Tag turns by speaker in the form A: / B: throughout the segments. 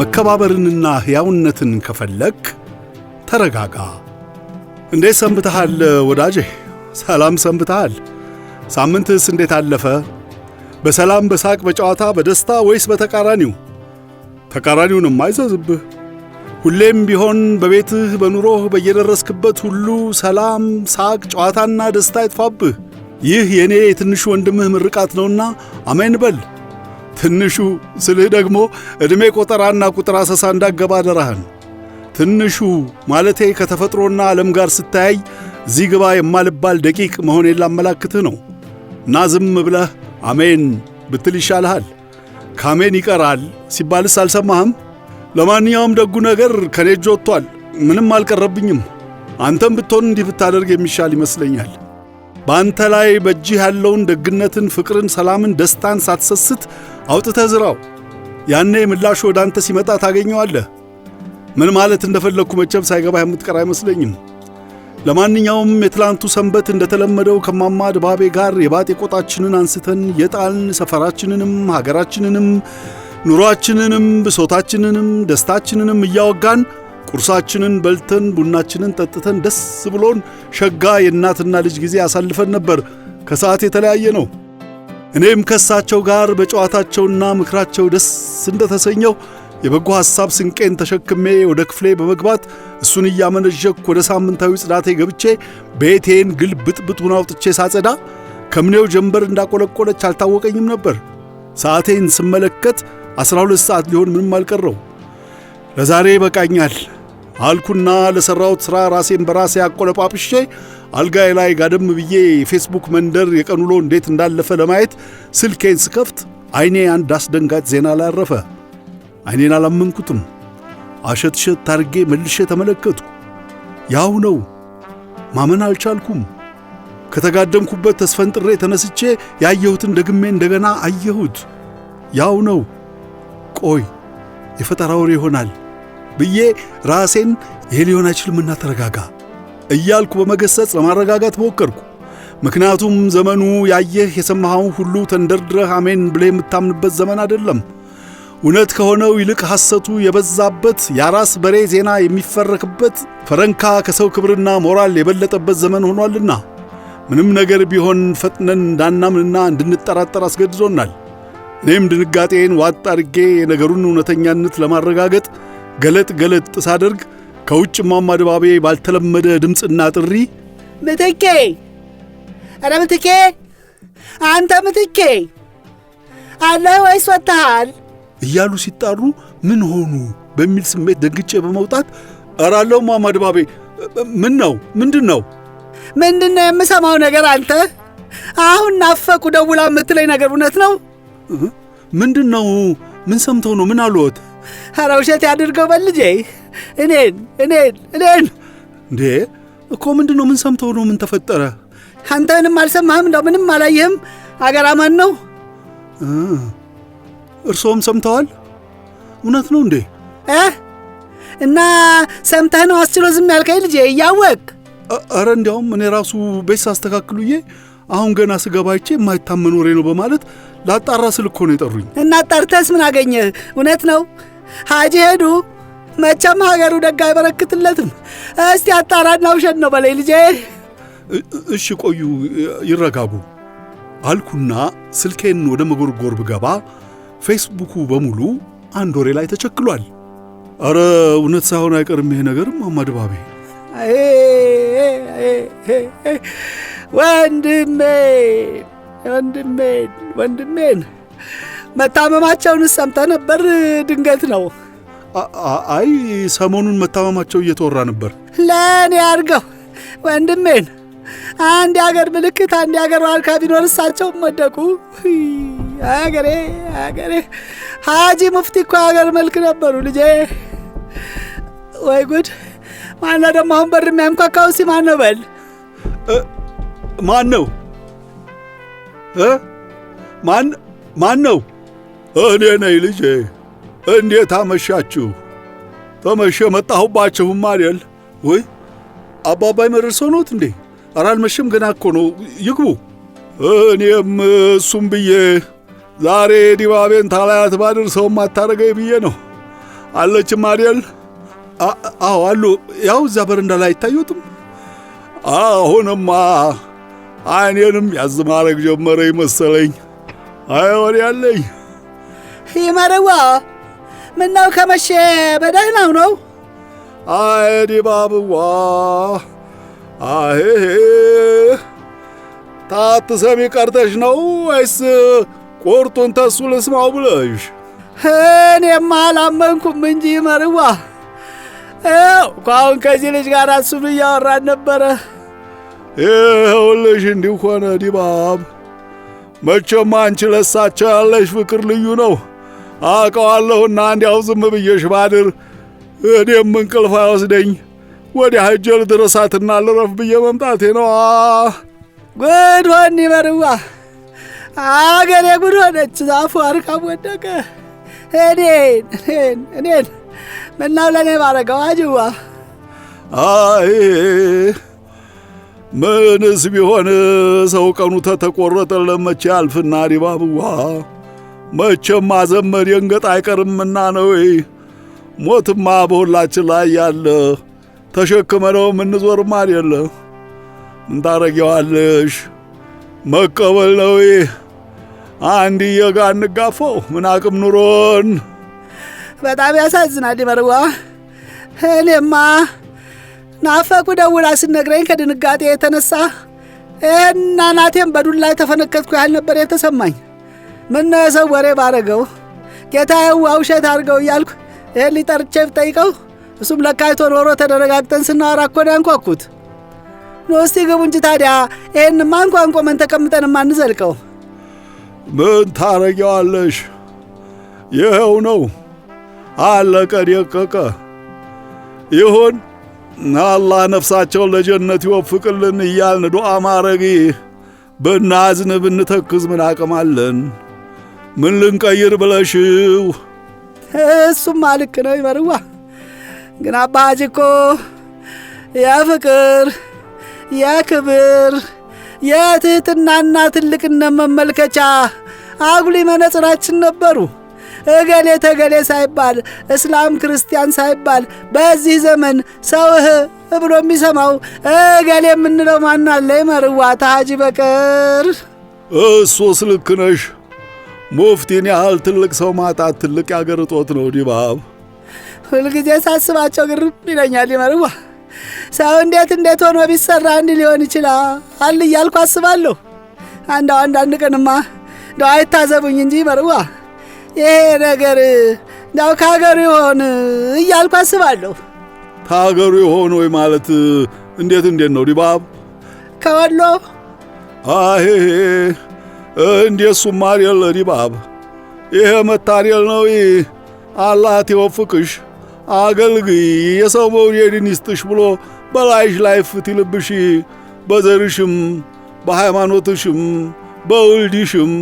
A: መከባበርንና ሕያውነትን ከፈለግ ተረጋጋ። እንዴት ሰንብተሃል ወዳጄ? ሰላም ሰንብተሃል? ሳምንትስ እንዴት አለፈ? በሰላም በሳቅ በጨዋታ በደስታ ወይስ በተቃራኒው? ተቃራኒውንም አይዘዝብህ። ሁሌም ቢሆን በቤትህ በኑሮህ በየደረስክበት ሁሉ ሰላም፣ ሳቅ፣ ጨዋታና ደስታ ይጥፋብህ። ይህ የእኔ የትንሹ ወንድምህ ምርቃት ነውና አሜን በል። ትንሹ ስልህ ደግሞ ዕድሜ ቆጠራና ቁጥር አሰሳ እንዳገባ አደራህን። ትንሹ ማለቴ ከተፈጥሮና ዓለም ጋር ስታያይ እዚህ ግባ የማልባል ደቂቅ መሆኔን ላመላክትህ ነው እና ዝም ብለህ አሜን ብትል ይሻልሃል። ካሜን ይቀራል ሲባልስ አልሰማህም? ለማንኛውም ደጉ ነገር ከኔ እጅ ወጥቷል። ምንም አልቀረብኝም። አንተም ብትሆን እንዲህ ብታደርግ የሚሻል ይመስለኛል። በአንተ ላይ በእጅህ ያለውን ደግነትን፣ ፍቅርን፣ ሰላምን፣ ደስታን ሳትሰስት አውጥተህ ዝራው። ያኔ ምላሹ ወደ አንተ ሲመጣ ታገኘዋለህ። ምን ማለት እንደፈለግኩ መቼም ሳይገባህ የምትቀር አይመስለኝም። ለማንኛውም የትላንቱ ሰንበት እንደተለመደው ከማማ ድባቤ ጋር የባጤ ቆጣችንን አንስተን የጣልን ሰፈራችንንም ሀገራችንንም ኑሯችንንም ብሶታችንንም ደስታችንንም እያወጋን ቁርሳችንን በልተን ቡናችንን ጠጥተን ደስ ብሎን ሸጋ የእናትና ልጅ ጊዜ አሳልፈን ነበር። ከሰዓት የተለያየ ነው። እኔም ከእሳቸው ጋር በጨዋታቸውና ምክራቸው ደስ እንደተሰኘው የበጎ ሐሳብ ስንቄን ተሸክሜ ወደ ክፍሌ በመግባት እሱን እያመነዠኩ ወደ ሳምንታዊ ጽዳቴ ገብቼ ቤቴን ግልብጥብጡን አውጥቼ ሳጸዳ ከምኔው ጀንበር እንዳቆለቆለች አልታወቀኝም ነበር። ሰዓቴን ስመለከት ዐሥራ ሁለት ሰዓት ሊሆን ምንም አልቀረው። ለዛሬ ይበቃኛል አልኩና ለሠራሁት ሥራ ራሴን በራሴ አቆለጳጵሼ አልጋዬ ላይ ጋደም ብዬ የፌስቡክ መንደር የቀን ውሎ እንዴት እንዳለፈ ለማየት ስልኬን ስከፍት ዐይኔ አንድ አስደንጋጭ ዜና ላይ አረፈ። ዐይኔን አላመንኩትም። አሸትሸት ታርጌ መልሼ ተመለከትኩ። ያው ነው። ማመን አልቻልኩም። ከተጋደምኩበት ተስፈንጥሬ ተነስቼ ያየሁትን ደግሜ እንደገና አየሁት። ያው ነው። ቆይ የፈጠራ ወሬ ይሆናል ብዬ ራሴን ይሄ ሊሆን አይችልም እና ተረጋጋ እያልኩ በመገሰጽ ለማረጋጋት ሞከርኩ። ምክንያቱም ዘመኑ ያየህ የሰማኸውን ሁሉ ተንደርድረህ አሜን ብለህ የምታምንበት ዘመን አይደለም። እውነት ከሆነው ይልቅ ሐሰቱ የበዛበት የአራስ በሬ ዜና የሚፈረክበት ፈረንካ ከሰው ክብርና ሞራል የበለጠበት ዘመን ሆኗልና ምንም ነገር ቢሆን ፈጥነን እንዳናምንና እንድንጠራጠር አስገድዶናል። እኔም ድንጋጤን ዋጥ አድርጌ የነገሩን እውነተኛነት ለማረጋገጥ ገለጥ ገለጥ ሳደርግ ከውጭ ማማ ድባቤ ባልተለመደ ድምፅና ጥሪ
B: ምትኬ፣ ኧረ ምትኬ፣ አንተ ምትኬ አለህ ወይስ ወጥተሃል
A: እያሉ ሲጣሩ ምን ሆኑ በሚል ስሜት ደንግጬ በመውጣት ኧረ አለሁ ድባቤ፣ ምን ነው? ምንድን ነው?
B: ምንድን ነው የምሰማው ነገር? አንተ አሁን ናፈቁ ደውላ የምትለኝ ነገር እውነት ነው?
A: ምንድን ነው? ምን ሰምተው ነው? ምን አልዎት?
B: ኧረ ውሸት ያድርገው በልጄ እኔን እኔን እኔን
A: እንዴ እኮ ምንድን ነው? ምን ሰምተው ነው? ምን ተፈጠረ?
B: ምንም አልሰማህም? እንደው ምንም አላየህም? አገር አማን ነው።
A: እርስዎም ሰምተዋል? እውነት ነው እንዴ?
B: እና ሰምተህ ነው አስችሎ ዝም ያልከኝ ልጄ እያወቅ?
A: አረ እንዲያውም እኔ ራሱ ቤት ሳስተካክሉዬ አሁን ገና ስገባ ይቼ የማይታመን ወሬ ነው በማለት ላጣራ ስልኮ ነው የጠሩኝ።
B: እና ጠርተስ ምን አገኘህ? እውነት ነው ሐጂ ሄዱ መቼም ሀገሩ ደግ አይበረክትለትም። እስቲ አጣራና ውሸት ነው በላይ ልጄ።
A: እሺ ቆዩ ይረጋጉ አልኩና ስልኬን ወደ መጎርጎር ብገባ ፌስቡኩ በሙሉ አንድ ወሬ ላይ ተቸክሏል። አረ እውነት ሳይሆን አይቀርም ይሄ ነገር እማማ ድባቤ።
B: ወንድሜ ወንድሜን መታመማቸውን ሰምተ ነበር? ድንገት ነው?
A: አይ ሰሞኑን መታመማቸው እየተወራ ነበር።
B: ለእኔ አድርገው ወንድሜን አንድ የአገር ምልክት አንድ የአገር ዋርካ ቢኖር እሳቸውም ወደቁ። አገሬ አገሬ! ሀጂ ሙፍቲ እኮ የአገር መልክ ነበሩ ልጄ። ወይ ጉድ! ማነው ደግሞ አሁን በር የሚያንኳኳው? ሲ ማን ነው? በል
A: ማን ነው? ማን ማን ነው? እኔ ነኝ ልጄ፣ እንዴት አመሻችሁ? ተመሸ መጣሁባችሁም አይደል? ወይ አባባይ መርሶ ኖት እንዴ? ኧረ አልመሸም ገና እኮ ነው፣ ይግቡ። እኔም እሱም ብዬ ዛሬ ዲባቤን ታላያት ባደርሰውም አታረገኝ ብዬ ነው። አለችም አይደል? አዎ አሉ። ያው እዚያ በረንዳ ላይ አይታዩትም። አሁንማ አይኔንም ያዝ ማድረግ ጀመረ ይመሰለኝ። አይወድ ያለኝ
B: ይመርዋ ምነው ከመቼ በደህናው ነው?
A: አይ ዲባብዋ ታት ሰሚ ቀርተሽ ነው ወይስ ቁርጡን ተሱ ልስማው ብለሽ?
B: እኔማ አላመንኩም እንጂ መርዋ ው ከዚህ ልጅ ጋር እሱን እያወራን ነበረ።
A: ይኸውልሽ እንዲሁ ሆነ ዲባብ፣ መቼም አንቺ ለሳቸው ያለሽ ፍቅር ልዩ ነው። አውቀዋለሁና እንዲያው ዝም ብዬሽ ባድር እኔም እንቅልፍ አይወስደኝ ወዲያ ሄጄ ልድረሳትና ልረፍ ብዬ መምጣቴ ነው።
B: ጉድ ሆኒ መርዋ አገሬ ጉድ ሆነች። ዛፉ አርካም ወደቀ። እኔን እኔን እኔን ምናው ለእኔ ባረገው አጅዋ
A: አይ ምንስ ቢሆን ሰው ቀኑ ተተቆረጠ ለመቼ አልፍና ዲባብዋ መቼም ማዘመር የንገጥ አይቀርምና ነው። ሞትማ በሁላችን ላይ ያለ ተሸክመነው የምንዞርም አይደለ። ምን ታረጊዋለሽ? መቀበል ነው። አንድ የጋ እንጋፈው ምን አቅም ኑሮን።
B: በጣም ያሳዝናል መርዋ። እኔማ ናፈቁ ደውላ ስነግረኝ ከድንጋጤ የተነሳ እና ናቴም በዱላ ላይ ተፈነከትኩ ያህል ነበር የተሰማኝ። ምነው የሰው ወሬ ባረገው ጌታዬው አውሸት አድርገው እያልኩ ይህን ሊጠርቼ ብጠይቀው እሱም ለካይቶ ኖሮ ተደረጋግጠን ስናወራ እኮ ነው ያንኳኩት። ኖ እስቲ ግቡ እንጂ ታዲያ ይህን ማንኳንቆ መን ተቀምጠን ማንዘልቀው
A: ምን ታረጊዋለሽ? ይኸው ነው አለቀ ደቀቀ። ይሁን አላህ ነፍሳቸውን ለጀነት ይወፍቅልን እያልን ዱዓ ማረጊ ብናዝን ብንተክዝ ምን አቅማለን? ምን ልንቀይር ብለሽው?
B: እሱማ ልክ ነው ይመርዋ። ግን አባጅ እኮ የፍቅር የክብር የትህትናና ትልቅነት መመልከቻ አጉሊ መነጽራችን ነበሩ። እገሌ ተገሌ ሳይባል እስላም ክርስቲያን ሳይባል በዚህ ዘመን ሰውህ ብሎ የሚሰማው እገሌ የምንለው ማናለ? ይመርዋ ተሃጂ በቀር
A: እሱስ ልክ ነሽ። ሙፍቲን ያህል ትልቅ ሰው ማጣት ትልቅ የአገር እጦት ነው። ዲባብ
B: ሁልጊዜ ሳስባቸው ግርም ይለኛል። ይመርዋ ሰው እንዴት እንዴት ሆኖ ቢሰራ አንድ ሊሆን ይችላል እያልኩ አስባለሁ። አንዳው አንዳንድ ቀንማ ዳው አይታዘቡኝ እንጂ ይመርዋ ይሄ ነገር ዳው ከሀገሩ ይሆን እያልኩ አስባለሁ።
A: ከሀገሩ ይሆን ወይ ማለት እንዴት እንዴት ነው ዲባብ? ከወሎ አሄሄ እንደሱም አልየለ ዲባብ ይሄ መታደል ነው። አላት ይወፍቅሽ አገልግይ የሰው መውደድን ይስጥሽ ብሎ በላይሽ ላይ ፍት ይልብሽ በዘርሽም በሃይማኖትሽም በውልድሽም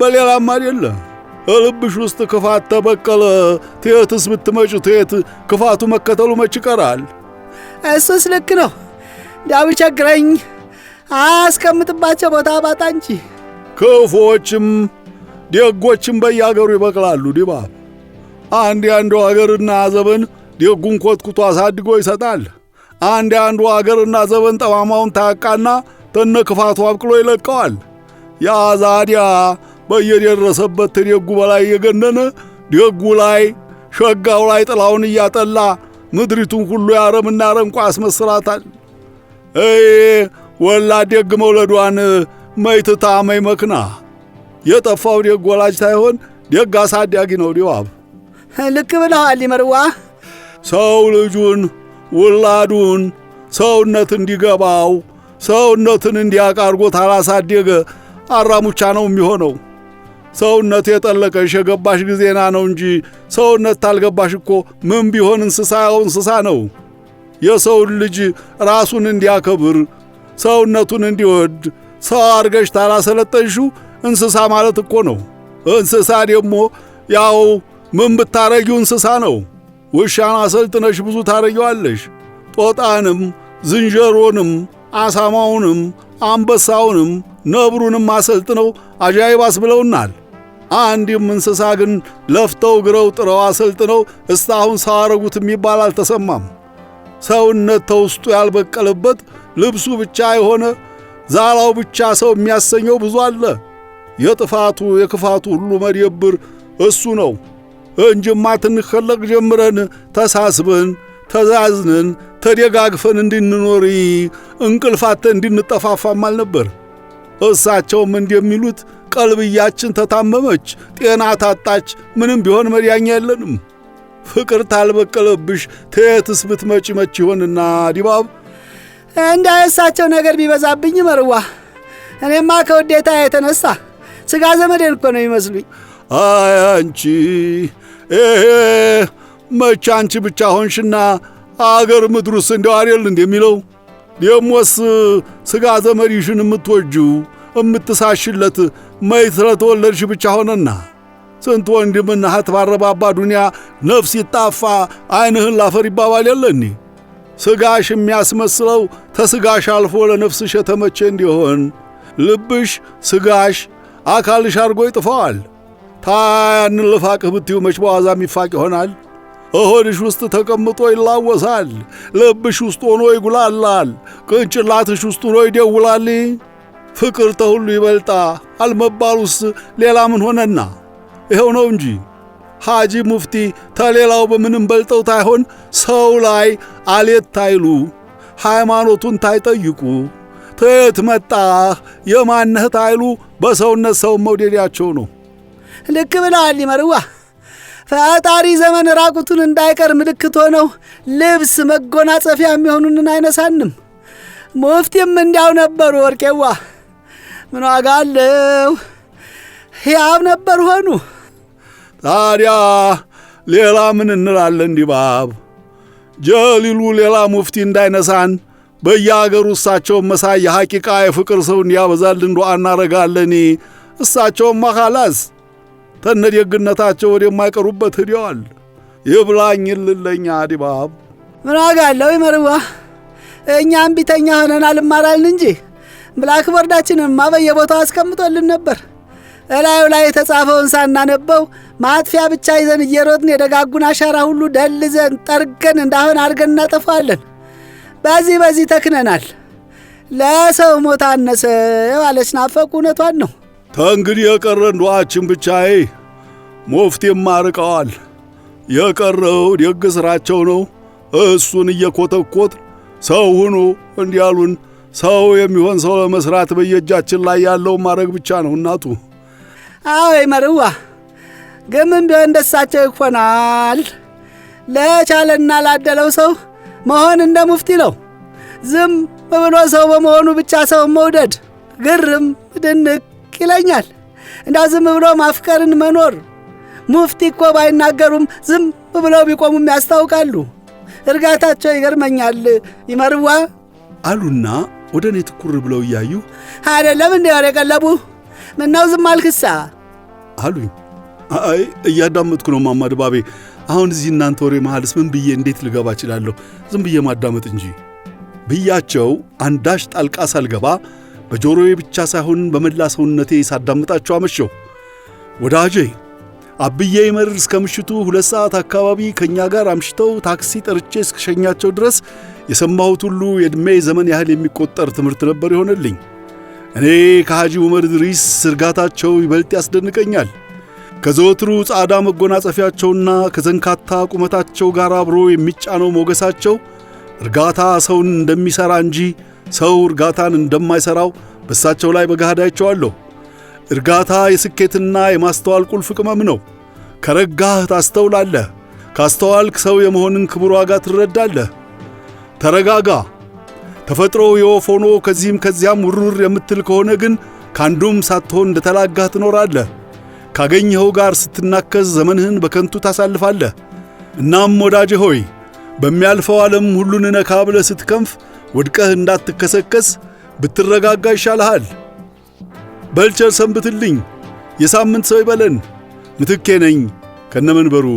A: በሌላም አይደለ እልብሽ ውስጥ ክፋት ተበቀለ። ትየትስ ብትመጭ ትየት ክፋቱ መከተሉ መች ይቀራል?
B: እሱስ ልክ ነው። ዳብ ቸግረኝ አያስቀምጥባቸው ቦታ ባጣ እንጂ
A: ክፉዎችም ደጎችም በያገሩ ይበቅላሉ። ዲባ አንድ አንዱ አገርና ዘበን ደጉን ኮትኩቶ አሳድጎ ይሰጣል። አንድ አንዱ አገርና ዘበን ጠማማውን ታቃና ተነ ክፋቱ አብቅሎ ይለቀዋል። ያ ዛዲያ በየደረሰበት ደጉ በላይ የገነነ ደጉ ላይ ሸጋው ላይ ጥላውን እያጠላ ምድሪቱን ሁሉ ያረምና ረንቋ አስመስራታል። እይ ወላ ደግ መውለዷን መይትታመይ መክና የጠፋው ደግ ወላጅ ሳይሆን ደግ አሳዳጊ ነው ዲዋብ።
B: ልክ ብለሃል ይመርዋ።
A: ሰው ልጁን ውላዱን ሰውነት እንዲገባው ሰውነትን እንዲያውቅ አድርጎት አራሙቻ ነው የሚሆነው። ሰውነት የጠለቀሽ የገባሽ ጊዜና ነው እንጂ ሰውነት ታልገባሽ እኮ ምን ቢሆን እንስሳ ያው እንስሳ ነው። የሰውን ልጅ ራሱን እንዲያከብር ሰውነቱን እንዲወድ ሰው አድርገሽ ታላሰለጠንሽው እንስሳ ማለት እኮ ነው። እንስሳ ደግሞ ያው ምን ብታረጊው እንስሳ ነው። ውሻን አሰልጥነሽ ብዙ ታረጊዋለሽ። ጦጣንም፣ ዝንጀሮንም፣ አሳማውንም፣ አንበሳውንም ነብሩንም አሰልጥነው አጃይባስ ብለውናል። አንድም እንስሳ ግን ለፍተው ግረው ጥረው አሰልጥነው እስታሁን ሰው አረጉት የሚባል አልተሰማም። ሰውነት ተውስጡ ያልበቀለበት ልብሱ ብቻ የሆነ ዛላው ብቻ ሰው የሚያሰኘው ብዙ አለ። የጥፋቱ የክፋቱ ሁሉ መደብር እሱ ነው እንጅማ ትንከለቅ ጀምረን ተሳስበን ተዛዝነን ተደጋግፈን እንድንኖር እንቅልፋተን እንድንጠፋፋም አልነበር። እሳቸውም እንደሚሉት ቀልብያችን ተታመመች፣ ጤና ታጣች። ምንም ቢሆን መዳኛ የለንም። ፍቅር ታልበቀለብሽ ተየትስ ብትመጪ መች ይሆንና ዲባብ
B: እንዳያሳቸው ነገር ቢበዛብኝ መርዋ እኔማ ከውዴታ የተነሳ ስጋ ዘመዴን እኮ ነው ይመስሉኝ።
A: አይ አንቺ ይሄ መቼ አንቺ ብቻ ሆንሽና አገር ምድሩስ እንደው አይደል እንደ የሚለው ደሞስ ስጋ ዘመድሽን የምትወጂው የምትሳሽለት መች ስለተወለድሽ ብቻ ሆነና ስንት ወንድምና እህት ባረባባ ዱንያ ነፍስ ይጣፋ አይንህን ላፈር ይባባል የለኒ ሥጋሽ የሚያስመስለው ተሥጋሽ አልፎ ለነፍስሽ የተመቸ እንዲሆን ልብሽ ሥጋሽ አካልሽ አድርጎ ይጥፈዋል። ታያን ልፋቅህ ብትዩ መች በዋዛ የሚፋቅ ይሆናል? እሆድሽ ውስጥ ተቀምጦ ይላወሳል። ልብሽ ውስጥ ሆኖ ይጉላላል። ቅንጭላትሽ ውስጥ ሆኖ ይደውላል። ፍቅር ተሁሉ ይበልጣ አልመባሉስ ሌላ ምን ሆነና? ይኸው ነው እንጂ ሐጂ ሙፍቲ ተሌላው በምንም በልጠው ታይሆን ሰው ላይ አሌት ታይሉ፣ ሃይማኖቱን ታይጠይቁ፣ ተየት መጣህ የማነህ ታይሉ በሰውነት ሰውን መውደዳቸው ነው።
B: ልክ ብለዋል ይመርዋ ፈጣሪ ዘመን ራቁቱን እንዳይቀር ምልክት ሆነው ልብስ መጎናጸፊያ የሚሆኑንን አይነሳንም። ሙፍቲም እንዲያው ነበሩ። ወርቄዋ ምን ዋጋ አለው? ሕያው ነበር ሆኑ
A: ታዲያ ሌላ ምን እንላለን? ዲባብ ጀሊሉ ሌላ ሙፍቲ እንዳይነሳን በየአገሩ እሳቸውን መሳይ የሐቂቃ የፍቅር ሰው እንዲያበዛልን ዱዓ እናረጋለን። እሳቸውማ ኻላስ ተነ ደግነታቸው ወደማይቀሩበት ሂደዋል። ይብላኝ ልለኛ ዲባብ
B: ምን ዋጋ አለው? ይመርዋ እኛም ቢተኛ ሆነናል እማላልን እንጂ ብላክ ቦርዳችንማ በየቦታው አስቀምጦልን ነበር። እላዩ ላይ የተጻፈውን ሳናነበው ማጥፊያ ብቻ ይዘን እየሮጥን የደጋጉን አሻራ ሁሉ ደልዘን ጠርገን እንዳሁን አድርገን እናጠፋለን። በዚህ በዚህ ተክነናል። ለሰው ሞት አነሰ አለች ናፈቁ። እውነቷን ነው።
A: ተእንግዲህ የቀረን ዱዓችን ብቻዬ ሞፍቴም አርቀዋል። የቀረው ደግ ሥራቸው ነው። እሱን እየኮተኮት ሰው ሁኑ እንዲያሉን ሰው የሚሆን ሰው ለመሥራት በየእጃችን ላይ ያለው ማድረግ ብቻ ነው እናቱ
B: አይ መርዋ ግምን ቢሆን ደሳቸው ይኮናል። ለቻለና ላደለው ሰው መሆን እንደ ሙፍቲ ነው። ዝም ብሎ ሰው በመሆኑ ብቻ ሰው መውደድ ግርም ድንቅ ይለኛል። እንዳ ዝም ብሎ ማፍቀርን መኖር ሙፍቲ እኮ ባይናገሩም ዝም ብለው ቢቆሙም ያስታውቃሉ። እርጋታቸው ይገርመኛል። ይመርዋ
A: አሉና ወደ እኔ ትኩር ብለው እያዩ
B: አይደለም እንዲያር የቀለቡ ምነው ዝም አልክሳ
A: አሉኝ። አይ እያዳመጥኩ ነው ማማ ድባቤ። አሁን እዚህ እናንተ ወሬ መሃልስ ምን ብዬ እንዴት ልገባ እችላለሁ? ዝም ብዬ ማዳመጥ እንጂ ብያቸው አንዳች ጣልቃ ሳልገባ በጆሮዬ ብቻ ሳይሆን በመላ ሰውነቴ ሳዳምጣቸው አመሸው። ወዳጄ አብዬ ይመር እስከ ምሽቱ ሁለት ሰዓት አካባቢ ከእኛ ጋር አምሽተው ታክሲ ጠርቼ እስከሸኛቸው ድረስ የሰማሁት ሁሉ የዕድሜ ዘመን ያህል የሚቆጠር ትምህርት ነበር ይሆነልኝ እኔ ከሐጂ ዑመር ድሪስ እርጋታቸው ይበልጥ ያስደንቀኛል። ከዘወትሩ ጻዳ መጎናጸፊያቸውና ከዘንካታ ቁመታቸው ጋር አብሮ የሚጫነው ሞገሳቸው እርጋታ ሰውን እንደሚሠራ እንጂ ሰው እርጋታን እንደማይሠራው በእሳቸው ላይ በገሃድ አይቼዋለሁ። እርጋታ የስኬትና የማስተዋል ቁልፍ ቅመም ነው። ከረጋህ ታስተውላለህ። ካስተዋልክ ሰው የመሆንን ክቡር ዋጋ ትረዳለህ። ተረጋጋ። ተፈጥሮ የወፍ ሆኖ ከዚህም ከዚያም ውርውር የምትል ከሆነ ግን ካንዱም ሳትሆን እንደተላጋህ ትኖራለህ። ካገኘኸው ጋር ስትናከስ ዘመንህን በከንቱ ታሳልፋለህ። እናም ወዳጄ ሆይ በሚያልፈው ዓለም ሁሉን ነካ ብለህ ስትከንፍ ወድቀህ እንዳትከሰከስ ብትረጋጋ ይሻልሃል። በልቸር ሰንብትልኝ። የሳምንት ሰው ይበለን። ምትኬ ነኝ ከነመንበሩ